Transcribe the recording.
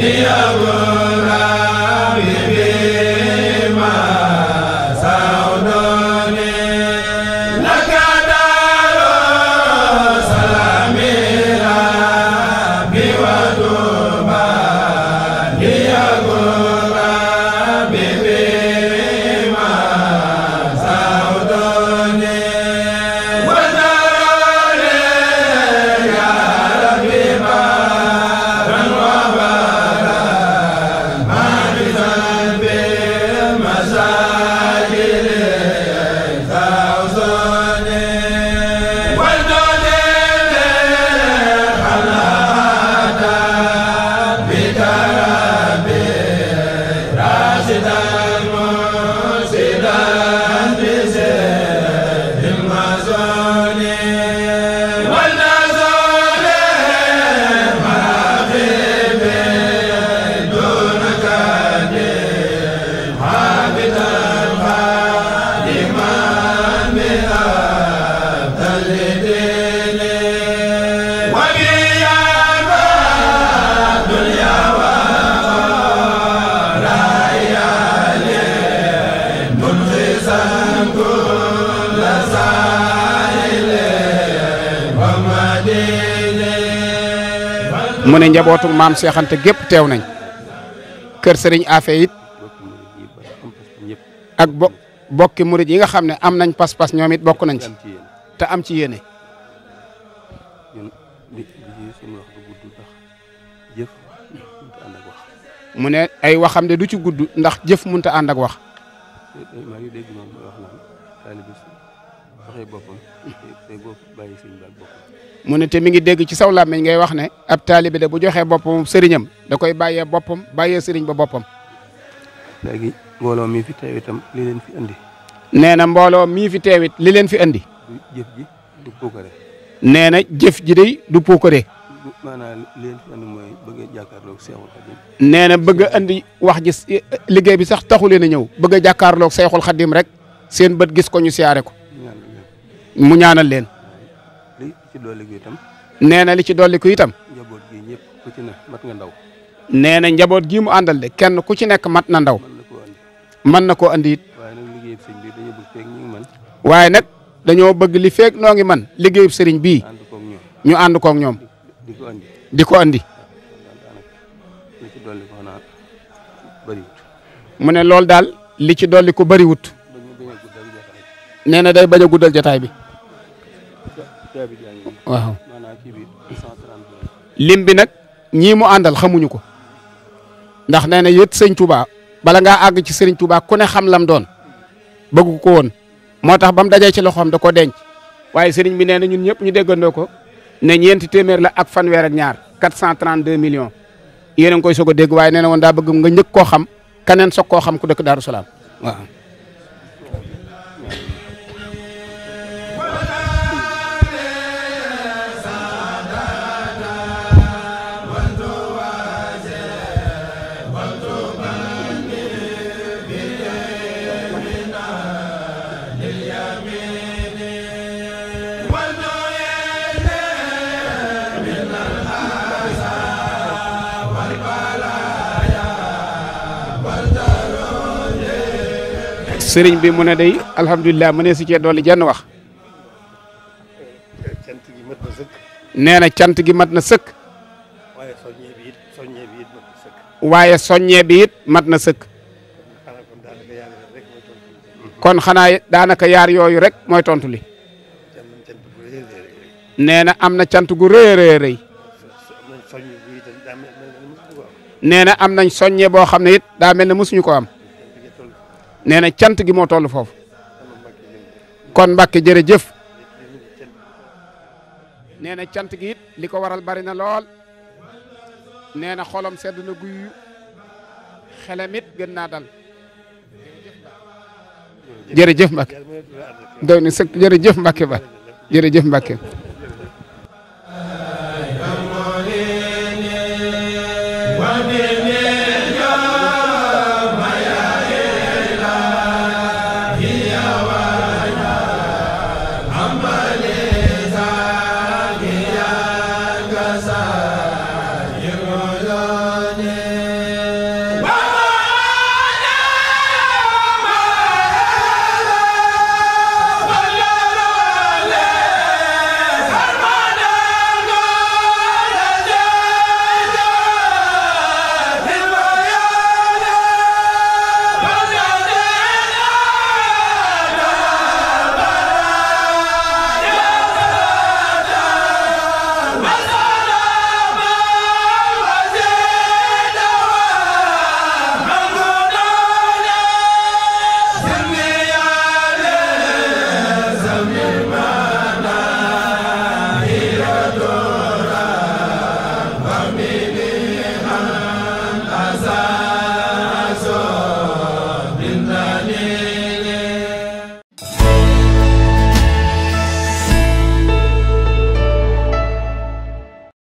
ya Gaza mune ne njabootu maam Cheikh Anta gépp teew nañ kër sëriñ Afe it ak bo bokki murit yi nga xam ne am nañ pas-pas ñoom it bokk nañ ci te am ci yéene. mu ne ay waxam de du ci gudd ndax jëf mënut a ànd ak wax. waxee boppam mu ne te mi ngi dégg ci saw làmmiñ ngay wax ne ab taalibe de bu joxee boppam sëriñam da koy bàyyee boppam bàyyee sëriñ ba boppam. léegi mbooloo mii fi nee na mbooloo mii fi teewit li leen fi andi. jëf du puukare. na jëf ji day du puukare. maanaam li leen fi andi nee na bëgg a wax ji liggéey bi sax taxu leen a ñëw bëgg a jàkkaarloog Seexul Xadim rek seen bët gis ko ñu siyaare ko. mu ñaanal leen. li ci dolliku itam. nee na li ci dolliku itam. njaboot gi ñëpp ku mat nga ndaw. nee na njaboot gii mu àndal de kenn ku ci nekk mat na ndaw. mën na koo andi it. waaye nag dañoo bëgg li feeg noo ngi man liggéeyub sëriñ bii. ñu ànd koog ñoom. di ko andi. di ko andi. mu ne loolu daal li ci dolli ko bëriwut. nee na day bañ a guddal jotaay bi waaw lim bi nag ñii mu àndal xamuñu ko ndax nee na yët sëñ Touba bala nga àgg ci sëriñ Touba ku ne xam lam doon bëggu ko woon moo tax ba mu dajee ci loxoom da ko denc waaye sëriñ bi nee na ñun ñëpp ñu déggandoo ko ne ñeenti téeméer la ak fanweer ak ñaar 432 millions yéen a ngi koy soog a dégg waaye nee woon daa bëgg nga njëkk koo xam keneen soog koo xam ku dëkk Daaru Salaam waaw. sëriñ bi mu ne day alhamdulilah mu si cee dolli jenn wax. cant gi mat na sëkk. nee cant gi mat na sëkk. waaye soññee bi mat na sëkk. kon xanaa daanaka yaar yooyu rek mooy tontu li. nee na am na cant gu rëy a rëy. nee am nañ soññe boo xam ne it daa mel ne mosuñu ko am. nee na cant gi moo toll foofu kon Mbàkke jërëjëf nee na cant gi li ko waral bari na lool nee na xolam sedd na guy xelam gën naa dal jërëjëf Mbàkke doy na sëkk jërëjëf Mbàkke ba jërëjëf Mbàkke